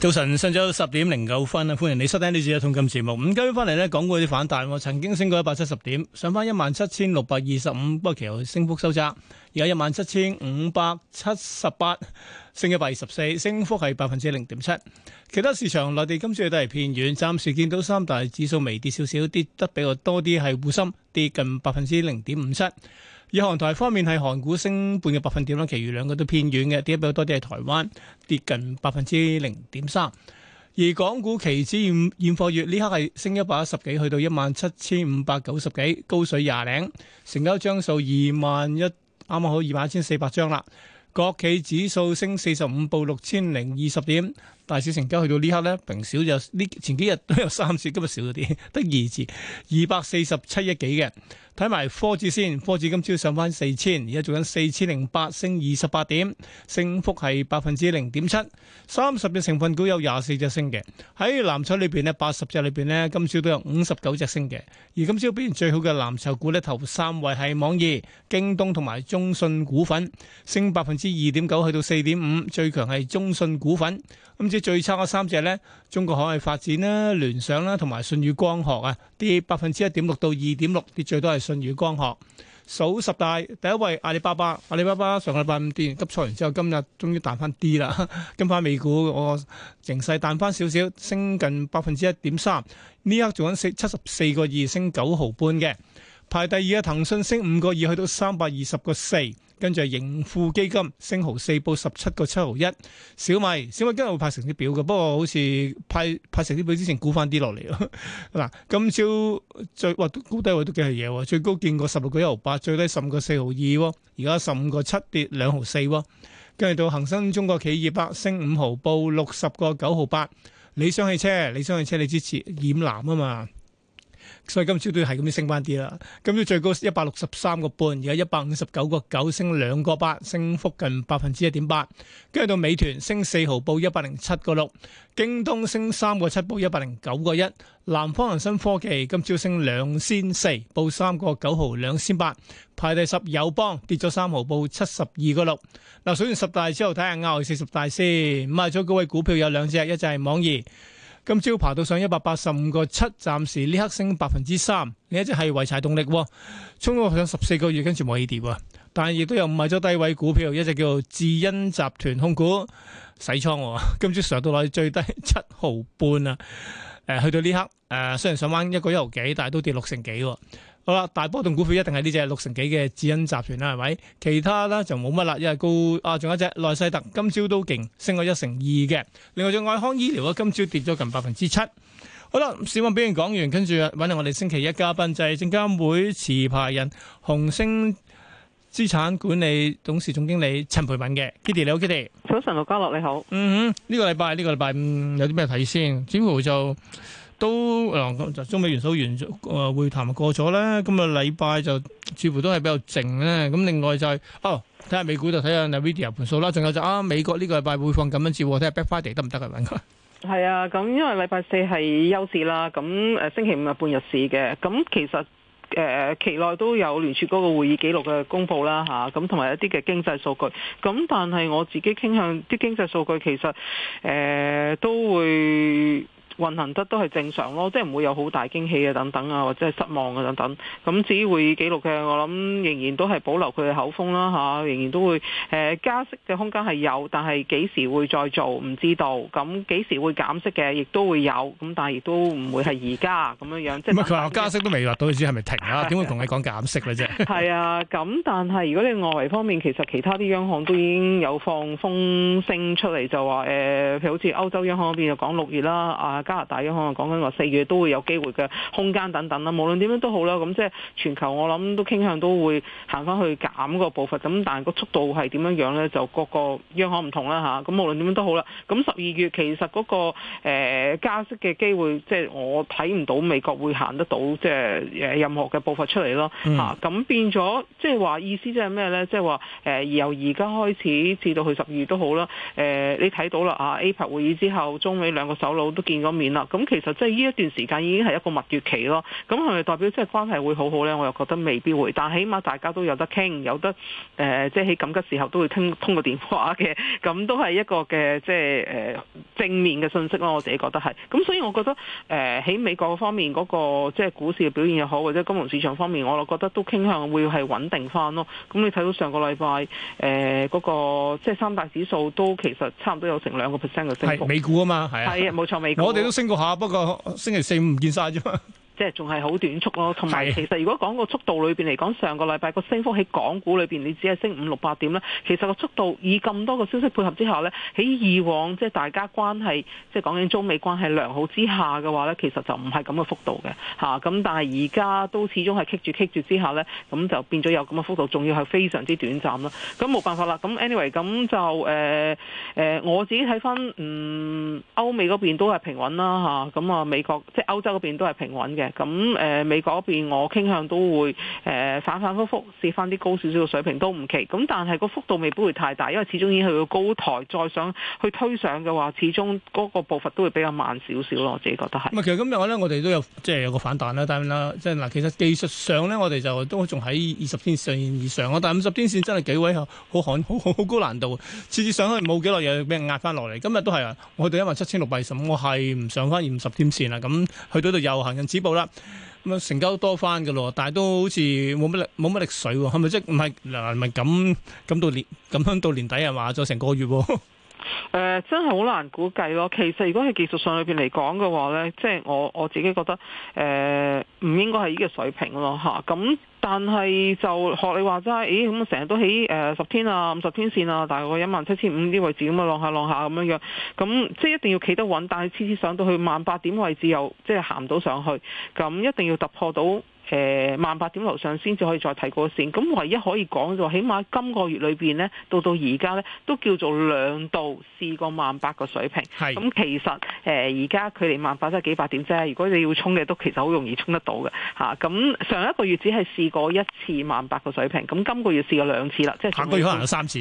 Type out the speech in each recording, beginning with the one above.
早晨，上晝十點零九分啊！歡迎你收聽呢次嘅一桶金節目。五、嗯、今日翻嚟咧，講過啲反彈，曾經升過一百七十點，上翻一萬七千六百二十五，不過 17, 25，其後升幅收窄，而家一萬七千五百七十八，升一百二十四，升幅係百分之零點七。其他市場內地金市都係偏軟，暫時見到三大指數微跌少少，跌得比較多啲係滬深，跌近百分之零點五七。以韓台方面係韓股升半個百分點啦，其餘兩個都偏遠嘅，跌比較多啲係台灣跌近百分之零點三。而港股期指現現貨月呢刻係升一百一十幾，去到一萬七千五百九十幾，高水廿零，成交張數二萬一，啱啱好二萬一千四百張啦。國企指數升四十五，報六千零二十點。大市成交去到呢刻呢，平少就呢前幾日都有三字，今日少咗啲，得二字二百四十七億幾嘅。睇埋科指先，科指今朝上翻四千，而家做緊四千零八，升二十八點，升幅係百分之零點七。三十隻成分股有廿四隻升嘅。喺藍籌裏邊呢，八十隻裏邊呢，今朝都有五十九隻升嘅。而今朝表現最好嘅藍籌股呢，頭三位係網易、京東同埋中信股份，升百分之二點九，去到四點五。最強係中信股份。咁即最差嗰三隻咧，中國海外發展啦、聯想啦，同埋舜宇光學啊，跌百分之一點六到二點六，跌最多係舜宇光學。數十大第一位阿里巴巴，阿里巴巴上個禮拜五跌，急挫完之後，今日終於彈翻啲啦，跟翻美股，我形勢彈翻少少，升近百分之一點三。呢刻做緊四七十四個二，升九毫半嘅，排第二嘅騰訊升五個二，去到三百二十個四。跟住係盈富基金升毫四，報十七個七毫一。小米，小米今日會派成績表嘅，不過好似派派成績表之前估翻啲落嚟咯。嗱， 今朝最哇高低位都幾係嘢，最高見過十六個一毫八，最低十五個四毫二喎。而家十五個七跌兩毫四喎。跟住到恒生中國企業升五毫，報六十個九毫八。理想汽車，理想汽車你支持染藍啊嘛？所以今朝都係咁樣升翻啲啦，今朝最高一百六十三個半，而家一百五十九個九，升兩個八，升幅近百分之一點八。跟住到美團升四毫，報一百零七個六；京東升三個七，報一百零九個一；南方恒生科技今朝升兩仙四，報三個九毫兩仙八。排第十友邦跌咗三毫，報七十二個六。嗱，數完十大之後，睇下亞四十大先。咁啊，最高位股票有兩隻，一隻係網易。今朝爬到上一百八十五個七，暫時呢刻升百分之三，呢隻係濰柴動力，衝到上十四個月，跟住冇起跌啊！但係亦都有買咗低位股票，一隻叫做智恩集團控股洗倉，今朝上到落去最低七毫半啊！誒、呃，去到呢刻誒、呃，雖然上翻一個一毫幾，但係都跌六成幾。好啦，大波動股票一定係呢隻六成幾嘅智恩集團啦，係咪？其他咧就冇乜啦，因為高啊，仲有一隻耐世特，今朝都勁，升咗一成二嘅。另外仲有愛康醫療啊，今朝跌咗近百分之七。好啦，小孟表現講完，跟住揾嚟我哋星期一嘉賓，就係證監會持牌人鴻升資產管理董事總經理陳培敏嘅。Kitty 你好，Kitty 早晨，盧嘉樂你好。嗯哼，呢個禮拜呢個禮拜五有啲咩睇先？似乎就。都嗱，就中美元首完誒會談過咗啦，咁啊禮拜就似乎都係比較靜咧。咁另外就係哦，睇下美股就睇下 NVIDIA 盤數啦。仲有就啊，美國呢個禮拜會放感恩節，睇下 Black Friday 得唔得啊？揾佢係啊，咁因為禮拜四係休市啦，咁誒星期五係半日市嘅。咁其實誒期內都有聯儲嗰個會議記錄嘅公佈啦，嚇，咁同埋一啲嘅經濟數據。咁但係我自己傾向啲經濟數據其實誒都會。運行得都係正常咯，即係唔會有好大驚喜啊、等等啊，或者係失望啊、等等。咁至於會記錄嘅，我諗仍然都係保留佢嘅口風啦嚇、啊，仍然都會誒、呃、加息嘅空間係有，但係幾時會再做唔知道。咁幾時會減息嘅，亦都會有，咁但係亦都唔會係而家咁樣樣。即係佢話加息都未落到，主要係咪停啦？點會同你講減息呢？啫 係啊，咁但係如果你外圍方面，其實其他啲央行都已經有放風聲出嚟，就話誒、呃，譬如好似歐洲央行嗰邊就講六月啦啊。加拿大央行講緊話四月都會有機會嘅空間等等啦，無論點樣都好啦，咁即係全球我諗都傾向都會行翻去減個步伐，咁但係個速度係點樣樣咧，就各個央行唔同啦吓，咁、啊、無論點樣都好啦，咁十二月其實嗰、那個、呃、加息嘅機會，即係我睇唔到美國會行得到即係誒、呃、任何嘅步伐出嚟咯嚇。咁、啊、變咗即係話意思即係咩咧？即係話誒由而家開始至到去十二月都好啦。誒、呃、你睇到啦嚇，APEC 會議之後，中美兩個首腦都見咗。面啦，咁 其實即係呢一段時間已經係一個蜜月期咯，咁係咪代表即係關係會好好呢？我又覺得未必會，但起碼大家都有得傾，有得誒、呃，即係喺緊嘅時候都會通通個電話嘅，咁都係一個嘅即係誒正面嘅信息咯。我自己覺得係，咁所以我覺得誒喺、呃、美國方面嗰、嗰個即係股市嘅表現又好，或者金融市場方面，我覺得都傾向會係穩定翻咯。咁、嗯、你睇到上個禮拜誒嗰個即係三大指數都其實差唔多有成兩個 percent 嘅升幅，美股啊嘛，係啊，啊，冇錯，美股， 都升過下，不過星期四五唔見晒啫嘛。即係仲係好短促咯，同埋其實如果講個速度裏邊嚟講，上個禮拜個升幅喺港股裏邊，你只係升五六百點啦。其實個速度以咁多個消息配合之下呢，喺以往即係大家關係，即係講緊中美關係良好之下嘅話呢，其實就唔係咁嘅幅度嘅嚇。咁、啊、但係而家都始終係棘住棘住之下呢，咁就變咗有咁嘅幅度，仲要係非常之短暫啦。咁、啊、冇辦法啦。咁 anyway，咁就誒誒、呃呃，我自己睇翻嗯歐美嗰邊都係平穩啦嚇。咁啊，啊美國即係歐洲嗰邊都係平穩嘅。咁誒美國嗰邊，我傾向都會誒反反覆覆試翻啲高少少嘅水平都唔奇。咁但係個幅度未必會太大，因為始終已經去到高台，再上去推上嘅話，始終嗰個步伐都會比較慢少少咯。我自己覺得係。其實今日咧，我哋都有即係、就是、有個反彈啦 down 啦。即係嗱，其實技術上咧，我哋就都仲喺二十天線以上。但係五十天線真係幾位好寒，好難，好好高難度，次次上去冇幾耐又俾人壓翻落嚟。今日都係啊，我哋因為一萬七千六百二十五，我係唔上翻二十天線啦。咁去到度又行人止步。咁啊成交多返嘅咯，但係都好似冇乜力，冇乜力水喎，係咪即係唔係嗱，咪係咁咁到年，咁樣，樣到年底啊，話咗成個月喎。 誒、呃，真係好難估計咯。其實如果係技術上裏邊嚟講嘅話呢，即係我我自己覺得誒，呃、唔應該係呢個水平咯吓。咁、啊、但係就學你話齋，咦咁成日都喺誒、呃、十天啊五十天線啊，大概一萬七千五啲位置咁樣浪下浪下咁樣樣。咁即係一定要企得穩，但係次次上到去萬八點位置又即係行唔到上去。咁一定要突破到。誒萬八點樓上先至可以再提過線，咁唯一可以講就，起碼今個月裏邊呢，到到而家呢，都叫做兩度試過萬八個水平。係，咁其實誒而家距離萬八都係幾百點啫。如果你要衝嘅，都其實好容易衝得到嘅嚇。咁上一個月只係試過一次萬八個水平，咁今個月試過兩次啦。即係下個月可能有三次，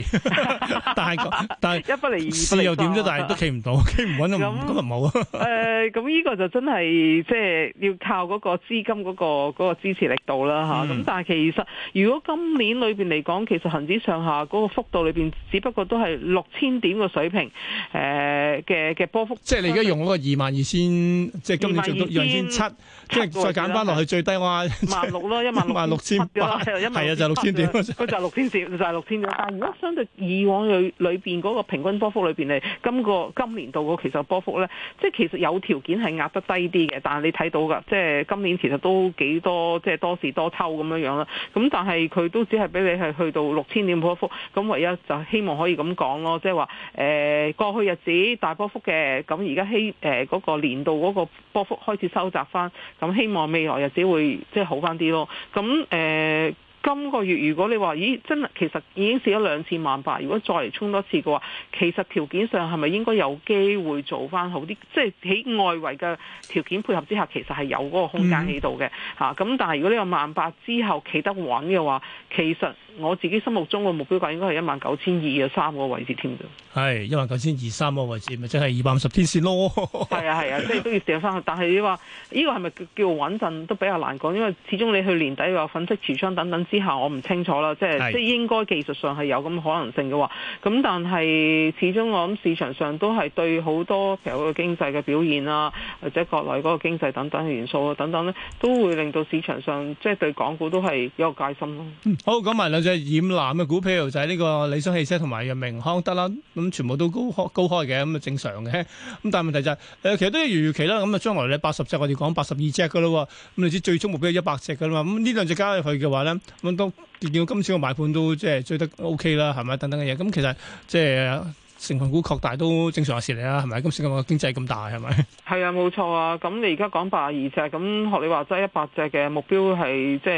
但係但係一不離二，不離又點啫？但係都企唔到，企唔穩就咁咪冇啊。誒，咁呢個就真係即係要靠嗰個資金嗰個嗰個。支持力度啦嚇，咁、嗯、但係其實如果今年裏邊嚟講，其實恒指上下嗰個幅度裏邊，只不過都係六千點嘅水平，誒嘅嘅波幅。即係你而家用嗰個二萬二千，即係今年做到二萬二千七，即係再減翻落去最低我。萬六咯，一萬六。萬六千。係啊，就係六千點。就係六千點，就係六千點。但係如果相對以往裏裏邊嗰個平均波幅裏邊嚟，今個今年度個其實波幅咧，即係其實有條件係壓得低啲嘅，但係你睇到㗎，即係今年其實都幾多。多即係多事多秋咁樣樣啦，咁但係佢都只係俾你係去到六千點波幅，咁唯一就希望可以咁講咯，即係話誒過去日子大波幅嘅，咁而家希誒嗰個年度嗰個波幅開始收窄翻，咁希望未來日子會即係好翻啲咯，咁、呃、誒。今個月如果你話咦真係其實已經試咗兩次萬八，如果再嚟衝多次嘅話，其實條件上係咪應該有機會做翻好啲？即係喺外圍嘅條件配合之下，其實係有嗰個空間喺度嘅嚇。咁、嗯啊、但係如果你話萬八之後企得穩嘅話，其實我自己心目中嘅目標價應該係一萬九千二嘅三個位置添。係一萬九千二三個位置，咪即係二百五十天線咯。係 啊係啊，即係都要掉返去。但係你話呢、這個係咪叫穩陣都比較難講，因為始終你去年底話粉飾櫥窗等等下我唔清楚啦，即係即係應該技術上係有咁可能性嘅喎。咁但係始終我諗市場上都係對好多譬如講個經濟嘅表現啊，或者國內嗰個經濟等等嘅元素啊等等咧，都會令到市場上即係對港股都係有戒心咯、嗯。好，講埋兩隻染藍嘅股票就係、是、呢個理想汽車同埋藥明康德啦。咁、嗯、全部都高開高開嘅，咁、嗯、啊正常嘅。咁、嗯、但係問題就係、是、誒、呃，其實都係如期啦。咁、嗯、啊，將來咧八十隻我哋講八十二隻噶啦，咁、嗯、你知最終目標一百隻噶啦嘛。咁呢兩隻加入去嘅話咧。嗯嗯嗯嗯嗯咁都見到今次個買盤都即係追得 OK 啦，係咪等等嘅嘢？咁其實即係。成分股擴大都正常嘅事嚟啦，係咪？今世界個經濟咁大係咪？係啊，冇錯啊。咁你而家講八廿二隻，咁學你話齋一百隻嘅目標係即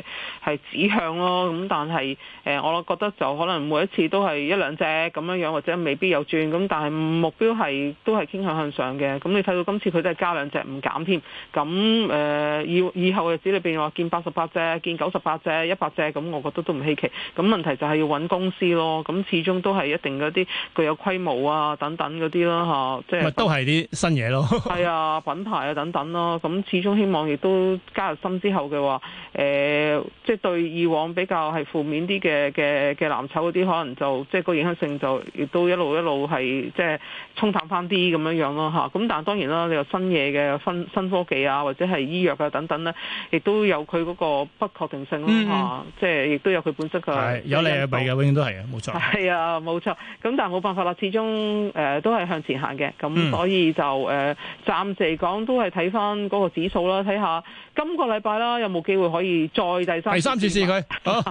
係指向咯。咁但係誒、呃，我覺得就可能每一次都係一兩隻咁樣樣，或者未必有轉。咁但係目標係都係傾向向上嘅。咁你睇到今次佢都係加兩隻，唔減添。咁誒、呃，以以後嘅日子裏邊話見八十八隻、見九十八隻、一百隻，咁我覺得都唔稀奇。咁問題就係要揾公司咯。咁始終都係一定嗰啲具有規模。冇啊，等等啲咯嚇，即係都係啲新嘢咯。係啊，品牌啊，等等咯。咁始終希望亦都加入新之後嘅話，誒、呃，即係對以往比較係負面啲嘅嘅嘅藍籌嗰啲，可能就即係個影響性就亦都一路一路係即係沖淡翻啲咁樣樣咯嚇。咁但係當然啦，你話新嘢嘅新新科技啊，或者係醫藥啊等等呢，亦都有佢嗰個不確定性咯嚇，嗯嗯即係亦都有佢本身嘅有利有弊嘅，永遠都係嘅，冇錯。係啊，冇錯。咁 但係冇辦法啦，始終。中誒、嗯、都係向前行嘅，咁、嗯、所以就誒、呃、暫時嚟講都係睇翻嗰個指數啦，睇下今個禮拜啦，有冇機會可以再第三次試佢，即係、oh,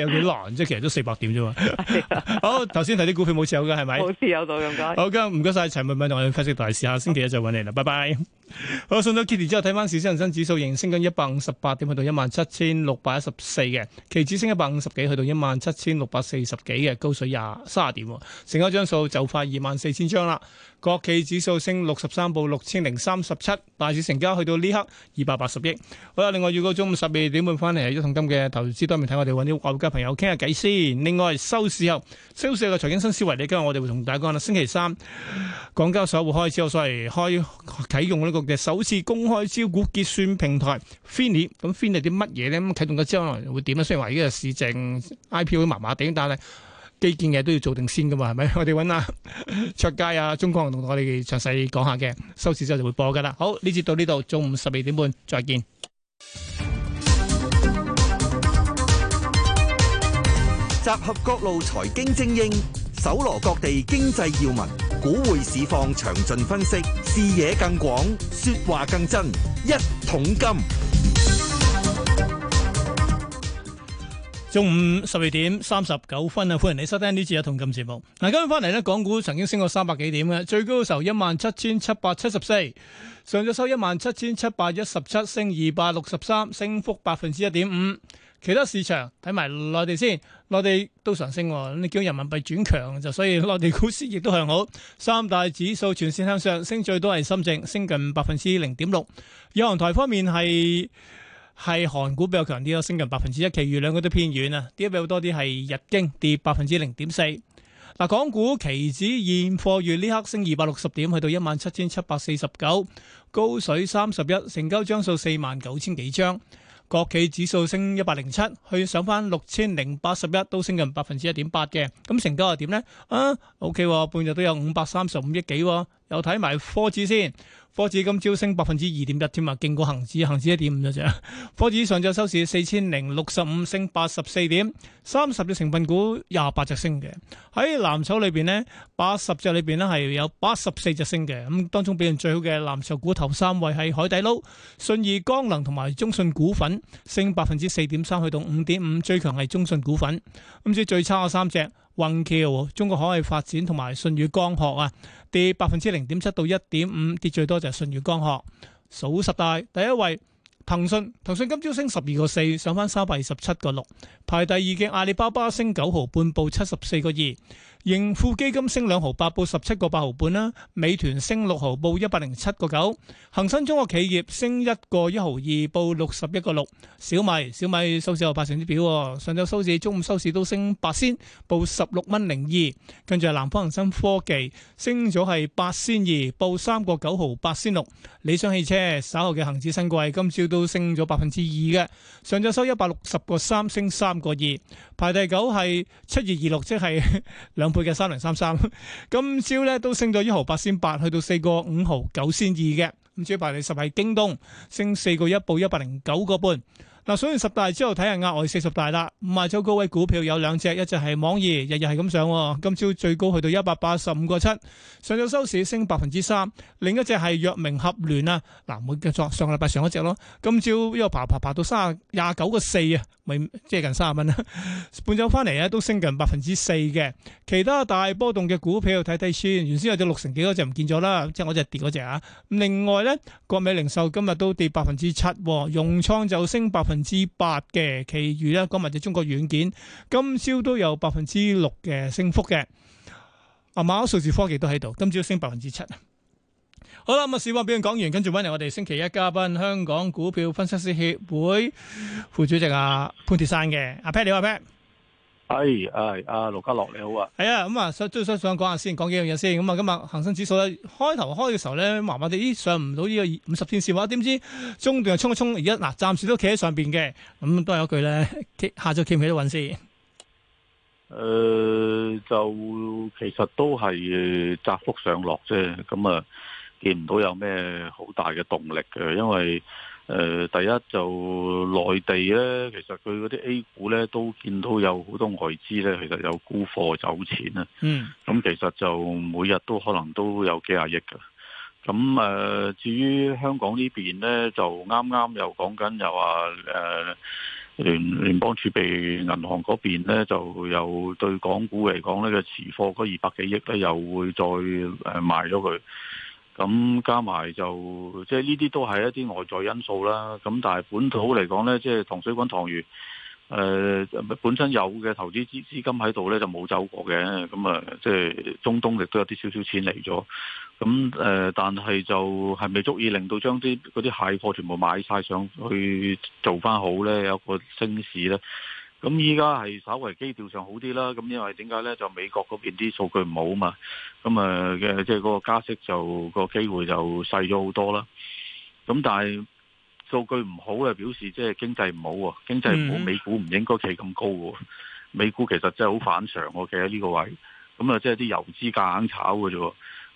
哦、有幾難，即係 其實都四百點啫嘛。好，頭先睇啲股票冇持有嘅係咪？冇持有到咁、okay, 解。好嘅，唔該晒，陳文敏同我哋分析大試下，星期一再揾你啦，拜拜。 好，送咗 Kitty 之後，睇翻市指恆生指數，仍升緊一百五十八點，去到一萬七千六百一十四嘅，期指升一百五十幾，去到一萬七千六百四十幾嘅，高水廿三十點，成張數就快二萬四千張啦，國企指數升六十三，報六千零三十七，大市成交去到呢刻二百八十億。好啦，另外預告中午十二點半翻嚟，一桶金嘅投資多面睇，看看我哋揾啲外家朋友傾下偈先。另外收市後，收市嘅財經新思維，你今日我哋會同大家講啦。星期三，港交所會開始我所謂開啟用呢個嘅首次公開招股結算平台 FINI，咁 FINI 啲乜嘢呢？咁啟動嘅將來會點呢？雖然話呢個市淨 IPO 麻麻地，但係。基建嘅都要做定先噶嘛，係咪？我哋揾卓佳啊，鍾光同，我哋詳細講下嘅，收市之後就會播噶啦。好，呢節到呢度，中午十二點半再見。集合各路財經精英，搜羅各地經濟要聞，股匯市況詳盡分析，視野更廣，說話更真，一桶金。中午十二點三十九分啊，歡迎你收聽呢次啊一桶金節目。嗱，今日翻嚟咧，港股曾經升過三百幾點嘅，最高嘅時候一萬七千七百七十四，上咗收一萬七千七百一十七，升二百六十三，升幅百分之一點五。其他市場睇埋內地先，內地都上升，你叫人民幣轉強就，所以內地股市亦都向好。三大指數全線向上，升最多係深證，升近百分之零點六。有行台方面係。係韓股比較強啲咯，升近百分之一，其餘兩個都偏軟啊。跌比較多啲係日經，跌百分之零點四。嗱，港股期指現貨月呢刻升二百六十點，去到一萬七千七百四十九，高水三十一，成交張數四萬九千幾張。國企指數升一百零七，去上返六千零八十一，都升近百分之一點八嘅。咁成交係點呢？啊，OK，半日都有五百三十五億幾，又睇埋科指先。科指今朝升百分之二點一添啊，勁過恒指，恒指一點五啫。隻科指上晝收市四千零六十五，升八十四點，三十隻成分股廿八隻升嘅。喺藍籌裏邊呢，八十隻裏邊咧係有八十四隻升嘅。咁當中表現最好嘅藍籌股頭三位係海底撈、信義光能同埋中信股份，升百分之四點三，去到五點五。最強係中信股份。咁先最差嘅三隻。宏橋、中國海事發展同埋信宇光學啊，跌百分之零點七到一點五，跌最多就係信宇光學。數十大第一位騰訊，騰訊今朝升十二個四，上返三百二十七個六。排第二嘅阿里巴巴升九毫半，報七十四個二。盈富基金升兩毫八，報十七個八毫半啦。美團升六毫，報一百零七個九。恒生中國企業升一個一毫二，報六十一個六。小米小米收市有八成之表，上周收市、中午收市都升八仙，報十六蚊零二。跟住係南方恒生科技升咗係八仙二，報三個九毫八仙六。理想汽車稍後嘅恒指新貴，今朝都升咗百分之二嘅。上晝收一百六十個三，升三個二，排第九係七月二六，即係兩。配嘅三零三三，今朝咧都升咗一毫八仙八，去到四個五毫九仙二嘅。咁至於排你十係京東，升四個一報一百零九個半。嗱，所以十大之後睇下額外四十大啦。五日周高位股票有兩隻，一隻係網易，日日係咁上，今朝最高去到一百八十五個七，上咗收市升百分之三。另一隻係藥明合聯啊，嗱，每作上個禮拜上一隻咯，今朝呢個爬爬爬到三十九個四啊。咪即係近三十蚊啦，半週翻嚟啊，都升近百分之四嘅。其他大波動嘅股票睇睇先，原先有隻六成幾嗰隻唔見咗啦，即係我就跌嗰隻啊。咁另外咧，國美零售今日都跌百分之七，融創就升百分之八嘅，其餘咧講，埋隻中國軟件今朝都有百分之六嘅升幅嘅。阿馬數字科技都喺度，今朝升百分之七。好啦，咁啊，市況表講完，跟住揾嚟我哋星期一嘉賓，香港股票分析師協會副主席阿潘鐵山嘅，阿、啊、Pat 你好阿 Pat，係，啊啊盧家樂你好啊，係啊，咁啊，最想想講下先講講講，講幾樣嘢先，咁啊，今日恒生指數咧，開頭開嘅時候咧，麻麻哋，咦，上唔到呢個五十天綫喎，點知中段又沖一沖，而家嗱，暫時都企喺上邊嘅，咁、嗯、都係嗰句咧，下晝企唔企到穩先？誒、呃，就其實都係窄幅上落啫，咁啊。見唔到有咩好大嘅動力嘅，因為誒、呃、第一就內地咧，其實佢嗰啲 A 股咧都見到有好多外資咧，其實有沽貨走錢啊。嗯。咁其實就每日都可能都有幾廿億㗎。咁誒、呃，至於香港呢邊咧，就啱啱又講緊又話誒聯聯邦儲備銀行嗰邊咧，就又對港股嚟講咧嘅持貨嗰二百幾億咧，又會再誒賣咗佢。咁加埋就即係呢啲都係一啲外在因素啦。咁但係本土嚟講呢，即、就、係、是、糖水滾糖魚，誒、呃，本身有嘅投資資資金喺度呢，就冇走過嘅。咁啊，即係中東亦都有啲少少錢嚟咗。咁、嗯、誒、呃，但係就係咪足以令到將啲嗰啲蟹貨全部買晒上去做翻好呢？有個升市呢。咁依家係稍微基調上好啲啦，咁因為點解咧？就美國嗰邊啲數據唔好嘛，咁誒嘅即係嗰個加息就個機會就細咗好多啦。咁但係數據唔好嘅表示，即係經濟唔好喎，經濟唔好，美股唔應該企咁高嘅喎。美股其實真係好反常喎，啊，企喺呢個位，咁啊，即係啲油資夾硬炒嘅啫喎。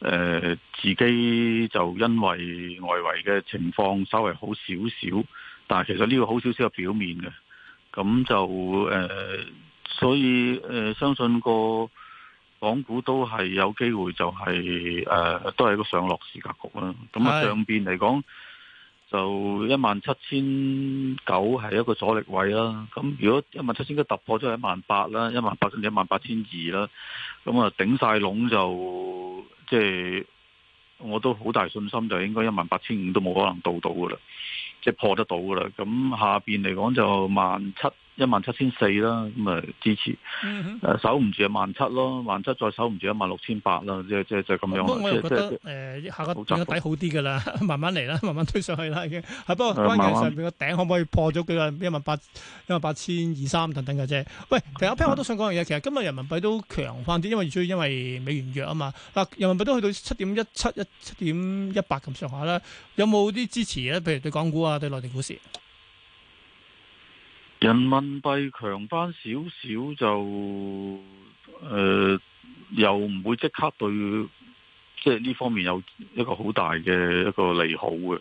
誒、呃，自己就因為外圍嘅情況稍微好少少，但係其實呢個好少少嘅表面嘅，咁就誒、呃，所以誒、呃呃、相信個港股都係有機會就係、是、誒、呃，都係個上落市格局啦。咁啊，上邊嚟講。就一萬七千九係一個阻力位啦。咁如果一萬七千都突破咗，一萬八啦，一萬八你一萬八千二啦。咁啊，頂晒籠就即係我都好大信心，就應該一萬八千五都冇可能到到噶啦，即係破得到噶啦。咁下邊嚟講就萬七。一萬七千四啦，咁啊支持，誒、嗯、哼守唔住一萬七咯，萬七再守唔住一萬六千八啦，即係即係就咁樣啦。咁我又覺得誒、就是呃、下個底好啲㗎啦，慢慢嚟啦，慢慢推上去啦，不過關鍵上面個頂可唔可以破咗佢嘅一萬八、一萬八千二三等等嘅啫。喂，Peter，我都想講樣嘢，是的 其實今日人民幣都強翻啲，因為最因為美元弱啊嘛。嗱，人民幣都去到七點一七、一七點一八咁上下啦。有冇啲支持咧？譬如對港股啊，對內地股市？人民幣強翻少少就誒、呃，又唔會即刻對即係呢方面有一個好大嘅一個利好嘅，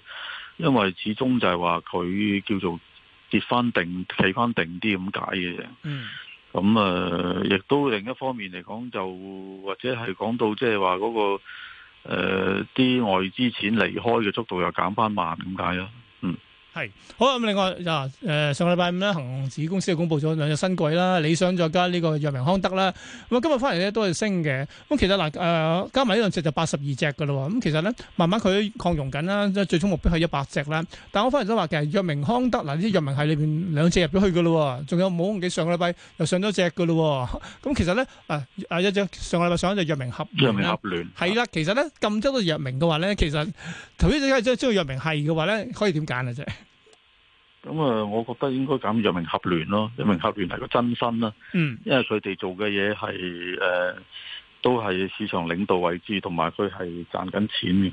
因為始終就係話佢叫做跌翻定企翻定啲咁解嘅嘢。嗯，咁啊、呃，亦都另一方面嚟講就，就或者係講到即係話嗰個啲、呃、外資錢離開嘅速度又減翻慢咁解啦。嗯。係好啊！咁另外嗱，誒、呃、上個禮拜五咧，恒指公司就公布咗兩隻新貴啦，理想再加呢個藥明康德啦。咁、嗯、啊今日翻嚟咧都係升嘅。咁、嗯、其實嗱誒、呃，加埋呢兩隻就八十二隻噶啦。咁、嗯、其實咧，慢慢佢擴容緊啦。即最終目標係一百隻啦。但我翻嚟都話，其實藥明康德嗱，呢啲藥明係裏邊兩隻入咗去噶啦，仲有冇記上個禮拜又上咗隻噶啦。咁其實咧，誒誒一隻上個禮拜上咗隻藥明合聯。藥明合聯。係啦其呢呢，其實咧咁足到藥明嘅話咧，其實頭先你講知道藥明係嘅話咧，可以點揀啊？啫。咁啊，嗯、我覺得應該揀藥明合聯咯，藥明合聯係個真身啦，因為佢哋做嘅嘢係誒都係市場領導位置，同埋佢係賺緊錢嘅，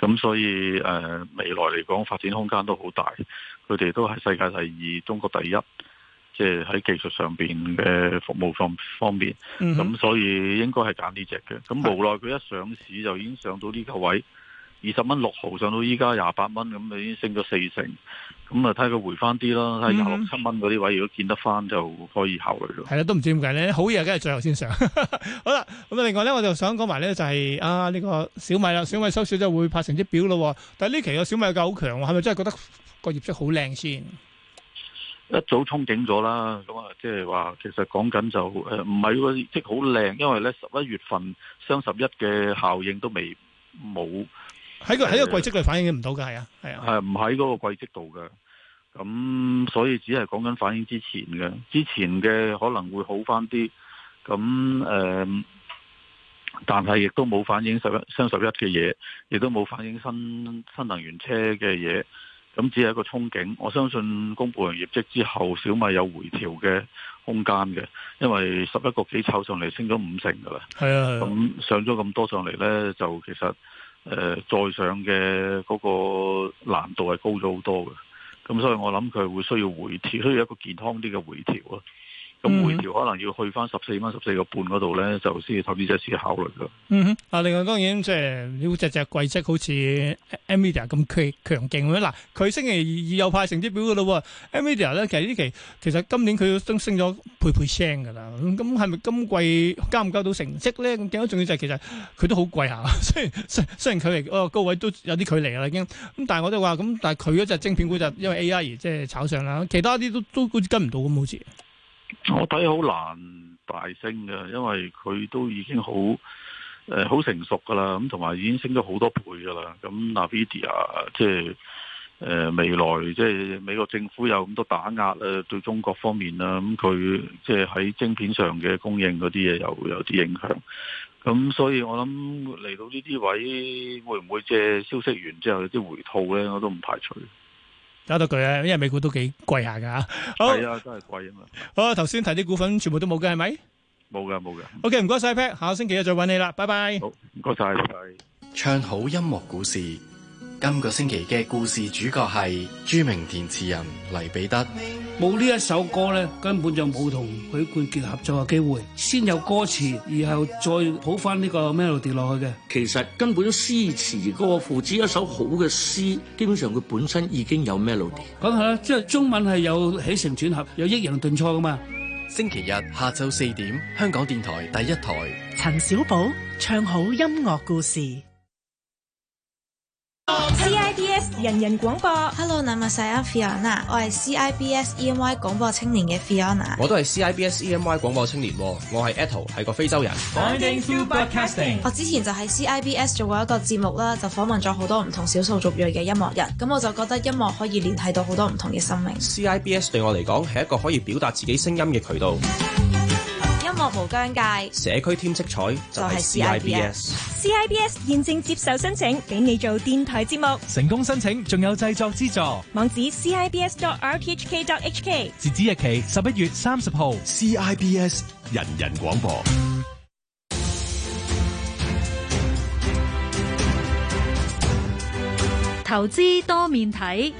咁所以誒、呃、未來嚟講發展空間都好大，佢哋都係世界第二，中國第一，即係喺技術上面嘅服務方方面，咁所以應該係揀呢隻嘅。咁無奈佢一上市就已經上到呢個位。二十蚊六毫上到依家廿八蚊，咁你已經升咗四成，咁啊睇佢回翻啲啦，睇下廿六七蚊嗰啲位，如果見得翻就可以考慮咯。係啦，都唔知點解咧，好嘢梗係最後先上。 好啦，咁啊，另外咧我就想講埋咧就係、是、啊呢、這個小米啦，小米收少就會拍成績表咯。但係呢期個小米夠好強，係咪真係覺得個業績好靚先？一早憧憬咗啦，咁啊即係話，其實講緊就誒唔係個業績好靚，因為咧十一月份雙十一嘅效應都未冇。喺個喺個季績佢反映唔到嘅，係啊的，係啊的，唔喺嗰個季績度嘅，咁所以只係講緊反映之前嘅，之前嘅可能會好翻啲，咁誒、嗯，但係亦都冇反映十一雙十一嘅嘢，亦都冇反映新新能源車嘅嘢，咁只係一個憧憬。我相信公布完業績之後，小米有回調嘅空間嘅，因為十一個幾炒上嚟，升咗五成噶啦。係啊，咁上咗咁多上嚟呢，就其實。誒，再、呃、上嘅嗰個難度係高咗好多嘅，咁所以我諗佢會需要回調，需要一個健康啲嘅回調咯。咁、嗯、每條可能要去翻十四蚊十四個半嗰度咧，就先投資者先考慮咯。嗯哼，啊，另外當然即係呢隻隻季績好似 Nvidia 咁強強勁咁樣嗱，佢星期二又派成績表噶啦喎。Nvidia 咧，其實呢期其實今年佢都升咗倍倍聲噶啦，咁係咪今季交唔交到成績咧？咁更加重要就係其實佢都好貴下，雖然雖然佢離哦高位都有啲距離啦已經，咁但係我都話咁，但係佢嗰隻晶片股就因為 A I 而即係炒上啦，其他啲都都跟唔到咁好似。我睇好難大升嘅，因為佢都已經好誒好成熟噶啦，咁同埋已經升咗好多倍噶啦。咁 Nvidia 即係誒未來即係、就是、美國政府有咁多打壓啊，對中國方面啦，咁佢即係喺晶片上嘅供應嗰啲嘢，又有有啲影響。咁所以我諗嚟到呢啲位，會唔會即係消息完之後有啲回吐咧？我都唔排除。搞到佢啊！因為美股都幾貴下噶吓，係啊，真係貴啊嘛。好，頭先提啲股份，全部都冇嘅係咪？冇嘅，冇嘅。O.K. 唔該晒 Pat，下個星期就再搵你啦，拜拜。好，唔該晒。唔該晒。唱好音樂故事，今個星期嘅故事主角係著名填詞人黎彼得。冇呢一首歌咧，根本就冇同許冠傑合作嘅機會。先有歌詞，然後再譜翻呢個 melody 落去嘅。其實根本詩詞歌賦，只要一首好嘅詩，基本上佢本身已經有 melody。講下啦，即係中文係有起承轉合，有抑揚頓挫噶嘛。星期日下晝四點，香港電台第一台，陳小寶唱好音樂故事。人人廣播，Hello，my name is Fiona，我係 CIBS E M Y 廣播青年嘅 Fiona，我都係 CIBS E M Y 廣播青年，我係 Atul，係個非洲人 Super 我之前就喺 CIBS 做過一個節目啦，就訪問咗好多唔同少數族裔嘅音樂人，咁我就覺得音樂可以連繫到好多唔同嘅生命，CIBS 對我嚟講係一個可以表達自己聲音嘅渠道。音樂無疆界，社區添色彩，就係 CIBS。CIBS 現正接受申請，俾你做電台節目。成功申請，仲有製作資助。網址 CIBS.RTHK.HK。截止日期十一月三十號。CIBS 人人廣播。投資多面睇。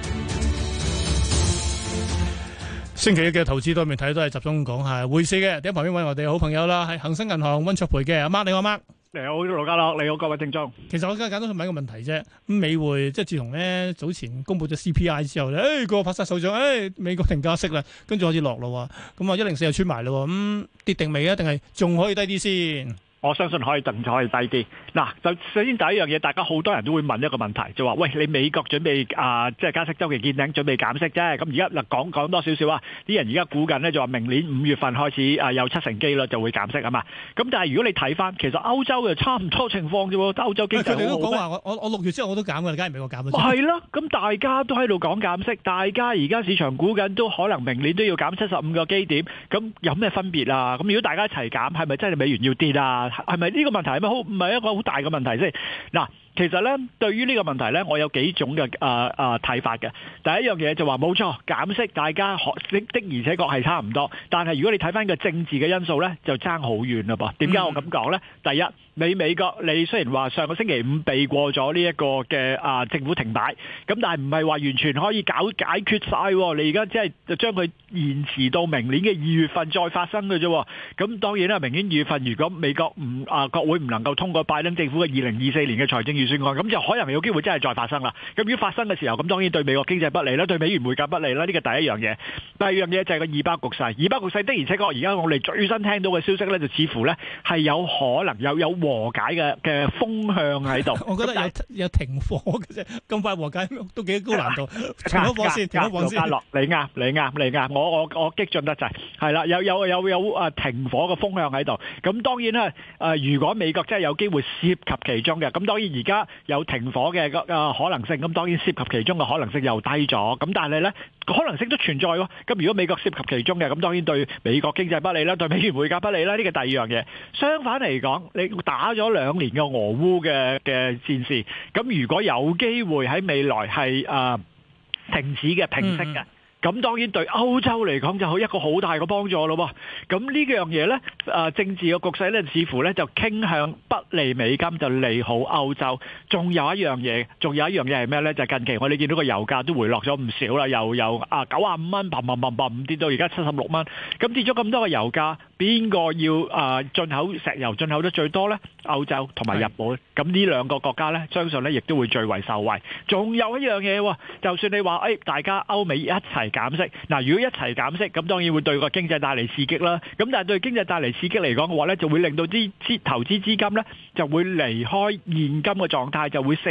星期一嘅投資對面睇都係集中講下匯市嘅，喺旁邊揾我哋好朋友啦，喺恒生銀行溫卓培嘅阿媽。你好阿媽。你好羅家樂。你好各位聽眾。其實我而家簡單問個問題啫，咁美匯即係自從咧早前公布咗 CPI 之後咧，誒、哎、個拍晒手掌，誒、哎、美國停加息啦，跟住開始落啦，咁啊一零四又穿埋啦，咁、嗯、跌定未啊？定係仲可以低啲先？我相信可以掙就可以低啲。嗱，就首先第一樣嘢，大家好多人都會問一個問題，就話：喂，你美國準備啊，即、呃、係加息週期見頂，準備減息啫。咁而家嗱，講講多少少啊，啲人而家估緊呢，就話明年五月份開始啊，有七成機率就會減息啊嘛。咁但係如果你睇翻，其實歐洲嘅差唔多情況啫喎，歐洲經濟好。佢都講話我我六月之後我都減㗎，你梗係美國減㗎？係啦，咁大家都喺度講減息，大家而家市場估緊都可能明年都要減七十五個基點，咁有咩分別啊？咁如果大家一齊減，係咪真係美元要跌啊？係咪呢個問題？係咪好唔係一個好大嘅問題先嗱？其實咧，對於呢個問題咧，我有幾種嘅啊啊睇法嘅。第一樣嘢就話冇錯，減息大家學識的而且確係差唔多。但係如果你睇翻個政治嘅因素咧，就爭好遠啦噃。點解我咁講咧？第一，你美國你雖然話上個星期五避過咗呢一個嘅啊政府停擺，咁但係唔係話完全可以搞解決曬？你而家即係就將佢延遲到明年嘅二月份再發生嘅啫。咁當然啦，明年二月份如果美國唔啊國會唔能夠通過拜登政府嘅二零二四年嘅財政預。咁就可能係有機會真係再發生啦。咁如果發生嘅時候，咁當然對美國經濟不利啦，對美元匯價不利啦。呢個第一樣嘢。第二樣嘢就係個以巴局勢。以巴局勢的而且確，而家我哋最新聽到嘅消息咧，就似乎咧係有可能有有和解嘅嘅風向喺度。我覺得有有停火嘅啫，咁快和解都幾高難度。停火先，停火先。羅家樂，你啱，你啱，你啱。我我我激進得滯，係啦，有有有有啊停火嘅風向喺度。咁當然啦，誒如果美國真係有機會涉及其中嘅，咁當然而家。有停火嘅個誒可能性，咁當然涉及其中嘅可能性又低咗。咁但係咧，可能性都存在喎。咁如果美國涉及其中嘅，咁當然對美國經濟不利啦，對美元匯價不利啦。呢個第二樣嘢。相反嚟講，你打咗兩年嘅俄烏嘅嘅戰事，咁如果有機會喺未來係誒停止嘅平息嘅。咁當然對歐洲嚟講就好一個好大嘅幫助咯。咁呢樣嘢呢，啊政治嘅局勢呢，似乎呢就傾向不利美金，就利好歐洲。仲有一樣嘢，仲有一樣嘢係咩呢？就近期我哋見到個油價都回落咗唔少啦，由由啊九十五蚊，嘭嘭嘭嘭，跌到而家七十六蚊。咁跌咗咁多嘅油價，邊個要啊進口石油進口得最多呢？歐洲同埋日本。咁呢兩個國家呢，相信呢亦都會最為受惠。仲有一樣嘢喎，就算你話誒，大家歐美一齊。減息嗱，如果一齊減息，咁當然會對個經濟帶嚟刺激啦。咁但係對經濟帶嚟刺激嚟講嘅話咧，就會令到啲資投資資金咧，就會離開現金嘅狀態，就會四處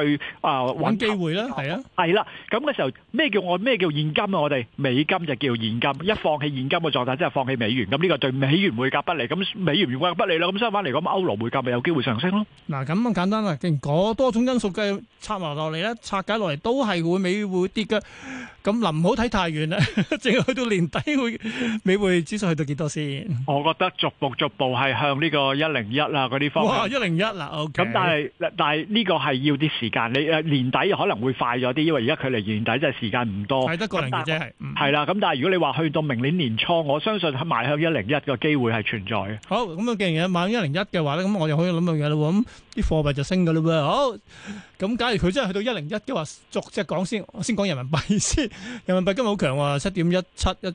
去啊揾機會啦。係啊，係啦。咁嘅時候咩叫我咩叫現金啊？我哋美金就叫現金，一放棄現金嘅狀態，即係放棄美元。咁呢個對美元匯價不利，咁美元匯價不利啦。咁相反嚟講，歐羅匯價咪有機會上升咯？嗱，咁簡單啦。既然嗰多種因素嘅拆埋落嚟咧，拆解落嚟都係會美會跌㗎。咁林浩。唔好睇太遠啦，淨係去到年底會美匯指數去到幾多先？我覺得逐步逐步係向呢個一零一啦嗰啲方向。哇！一零一啦，OK。咁但係但係呢個係要啲時間，你誒年底可能會快咗啲，因為而家佢離年底真係時間唔多，係得個零嘅啫，係係啦。咁但係如果你話去到明年年初，我相信係邁向一零一個機會係存在嘅。好，咁啊既然邁向一零一嘅話咧，咁我就可以諗到嘢啦，咁。啲貨幣就升㗎啦喎，好，咁、嗯、假如佢真係去到一零一嘅話，逐隻講先，我先講人民幣先， 人民幣今日好強喎，七點一七一。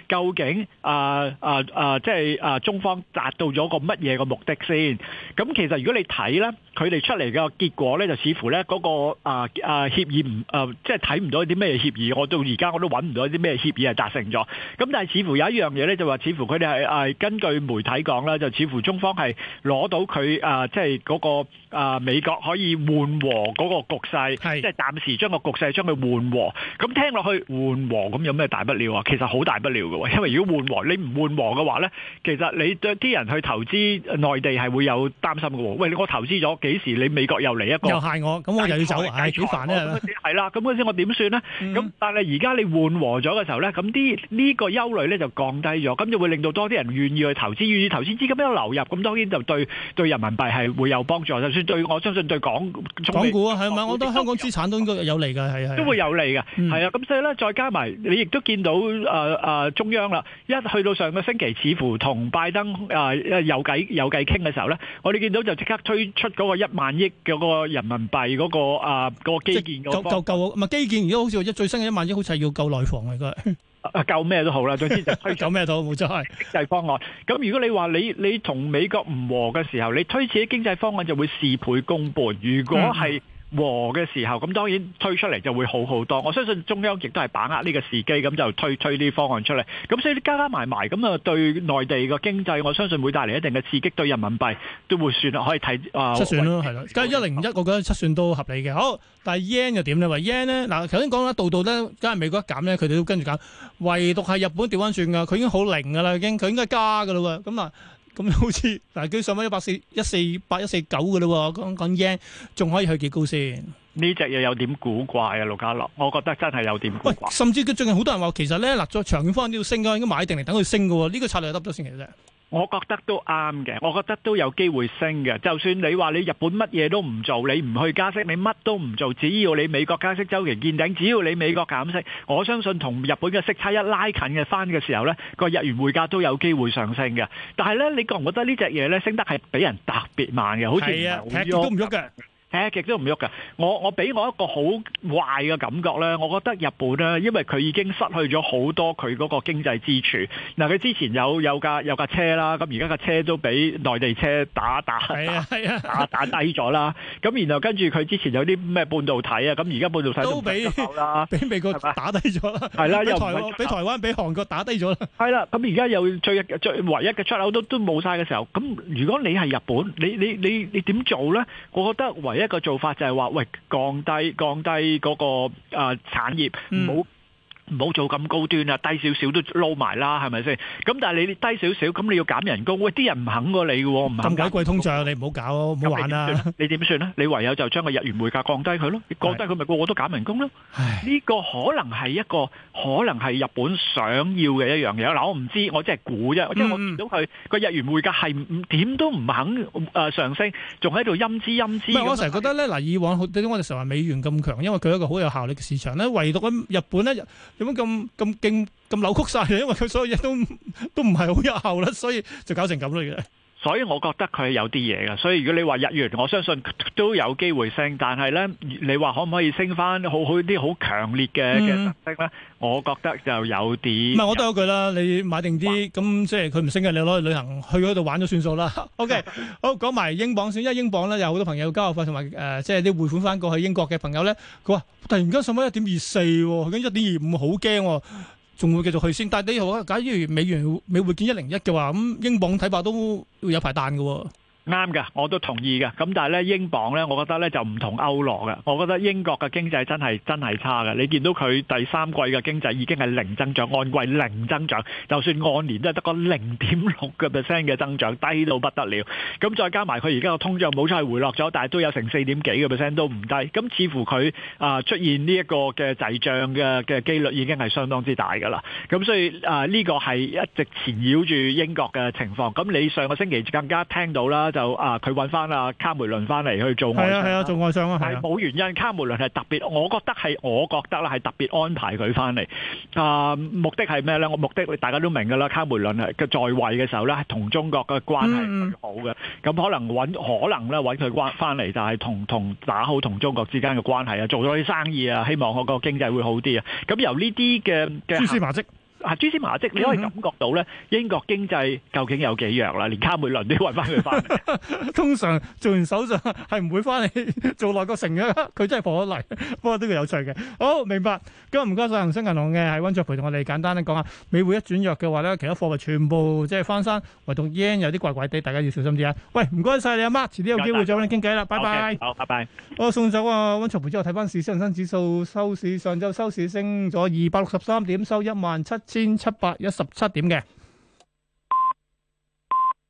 究竟啊啊啊，即係啊中方達到咗個乜嘢嘅目的先？咁其實如果你睇咧，佢哋出嚟嘅結果咧，就似乎咧嗰個啊啊協議唔啊，即係睇唔到啲咩協議。我到而家我都揾唔到啲咩協議係達成咗。咁但係似乎有一樣嘢咧，就話似乎佢哋係啊根據媒體講啦，就似乎中方係攞到佢啊，即係嗰個啊美國可以緩和嗰個局勢，即係暫時將個局勢將佢緩和。咁聽落去緩和，咁有咩大不了啊？其實好大不了。因為如果緩和，你唔緩和嘅話咧，其實你對啲人去投資內地係會有擔心嘅。喂你我投資咗幾時？你美國又嚟一個又蝦我，咁我又要走捱煮飯咧。係啦，咁嗰陣時我點算咧？咁但係而家你緩和咗嘅時候咧，咁啲呢個憂慮咧就降低咗，咁就會令到多啲人願意去投資，願意投資資金有流入，咁當然就對對人民幣係會有幫助。就算對，我相信對港港股啊，係咪？我覺得香港資產都應該有利㗎，係啊，都會有利㗎，係啊。咁所以咧，再加埋你亦都見到誒誒。中央啦，一去到上個星期，似乎同拜登啊、呃、有計有計傾嘅時候咧，我哋見到就即刻推出嗰個一萬億嘅嗰個人民幣嗰、那個啊、呃那個基建嗰，夠夠夠嘛，基建如果好似最新嘅一萬億，好似係要救內房嚟嘅，救 咩、啊、都好啦，總之就救咩 都好。冇錯，經濟方案。咁 如果你話你你同美國唔和嘅時候，你推遲經濟方案就會事倍功半。如果係、嗯。和嘅時候，咁當然推出嚟就會好好多。我相信中央亦都係把握呢個時機，咁就推推啲方案出嚟。咁所以加加埋埋咁啊，對內地嘅經濟，我相信會帶嚟一定嘅刺激，對人民幣都會算可以睇，啊、呃。七算咯，係咯唯，而家一零一，我覺得七算都合理嘅。好，但係 yen 又點呢？話 yen 呢？嗱，頭先講到道道呢，真係美國一減呢，佢哋都跟住減，唯獨係日本掉翻算㗎，佢已經好零㗎啦，已經佢應該加㗎啦喎。咁嗱。咁好似嗱，佢上翻一百四一四八一四九嘅啦，講講 yen 仲可以去幾高先？呢隻嘢有點古怪啊，陸家樂，我覺得真係有點古怪。甚至佢最近好多人話，其實咧，嗱，在長遠方向都要升嘅，應該買定嚟等佢升嘅、哦，呢、呢個策略得唔得先其實？我覺得都啱嘅，我覺得都有機會升嘅。就算你話你日本乜嘢都唔做，你唔去加息，你乜都唔做，只要你美國加息週期見頂，只要你美國減息，我相信同日本嘅息差一拉近嘅翻嘅時候，呢個日元匯價都有機會上升嘅。但係呢，你覺唔覺得呢隻嘢呢升得係畀人特別慢嘅？好似唔係好誒，極都唔喐㗎。我我俾我一個好壞嘅感覺咧。我覺得日本咧，因為佢已經失去咗好多佢嗰個經濟支柱。嗱，佢之前有有架有架車啦，咁而家架車都俾內地車打打打打打低咗啦。咁然後跟住佢之前有啲咩半導體啊，咁而家半導體都都俾啦，俾美國打低咗啦。係啦，因為俾台灣俾韓國打低咗啦。係啦，咁而家又最一最唯一嘅出口都都冇曬嘅時候，咁如果你係日本，你你你你點做咧？我覺得唯一。一個做法就係話：喂，降低降低嗰個啊、呃、產業，唔好。嗯唔好做咁高端啦，低少少都撈埋啦，係咪先？咁但係你低少少，咁你要減人工，喂，啲人唔肯過你嘅，唔肯減。咁搞貴通脹啊！你唔好搞，唔好玩啦！你點算咧？你唯有就將個日元匯價降低佢咯，你降低佢咪個個都減人工咯？呢個可能係一個，可能係日本想要嘅一樣嘢。嗱，我唔知，我真係估啫，即係我見到佢個日元匯價係點都唔肯誒上升，仲喺度陰之陰之。唔係，我成日覺得咧，嗱，以往我哋成日話美元咁強，因為佢一個好有效力嘅市場咧，唯獨喺日本咧。點解咁咁勁咁扭曲晒咧？因為佢所有嘢都都唔係好有效啦，所以就搞成咁啦嘅。所以我覺得佢有啲嘢嘅，所以如果你話日元，我相信都有機會升，但係咧，你話可唔可以升翻好，好啲好強烈嘅嘅特色咧？嗯、我覺得就有啲唔係，我都有句啦，你買定啲，咁哇即係佢唔升嘅，你攞去旅行去嗰度玩咗算數啦。 OK， 好講埋英鎊先，因為英鎊咧有好多朋友交學費同埋誒，即係啲匯款翻過去英國嘅朋友咧，佢話突然間上咗一點二四，跟一點二五好驚喎。啊仲會繼續去先，但係你話假如美元美匯見一零一嘅話，咁、嗯、英鎊睇怕都會有排彈嘅、哦。啱㗎，我都同意嘅。咁但係咧，英鎊咧，我覺得咧就唔同歐羅嘅。我覺得英國嘅經濟真係真係差㗎。你見到佢第三季嘅經濟已經係零增長，按季零增長，就算按年都係得個零點六嘅 percent 嘅增長，低到不得了。咁再加埋佢而家個通脹冇錯係回落咗，但係都有成四點幾嘅 percent 都唔低。咁似乎佢啊出現呢一個嘅滯脹嘅嘅機率已經係相當之大㗎啦。咁所以啊，呢個係一直纏繞住英國嘅情況。咁你上個星期更加聽到啦。就啊，佢揾翻啊卡梅倫翻嚟去做外相。係啊係啊，做外相啊。係冇原因，卡梅倫係特別，我覺得係我覺得啦，係特別安排佢翻嚟啊。目的係咩咧？我目的大家都明噶啦。卡梅倫係佢在位嘅時候咧，同中國嘅關係好嘅。咁可能揾可能咧揾佢關翻嚟，就係同同打好同中國之間嘅關係啊，做咗啲生意啊，希望我個經濟會好啲啊。咁由呢啲嘅蛛絲馬跡。係蛛絲馬跡，你可以感覺到咧，英國經濟究竟有幾弱啦？連卡梅倫都要揾翻佢翻嚟。通常做完首相係唔會翻嚟做內閣成嘅，佢真係破咗例，不過都係有趣嘅。好，明白。今日，唔該曬恒生銀行嘅喺温卓培同我哋簡單咧講下，美匯一轉弱嘅話咧，其他貨幣全部即係翻山，唯獨 yen 有啲怪怪地，大家要小心啲啊！喂，唔該曬你啊 Mark，遲啲有機會再揾你傾偈啦，拜拜。好，拜拜。我送走啊温卓培之後，睇翻市，恆生指數收市，上週收市升咗二百六十三點，收一萬七。千七百一十七點嘅。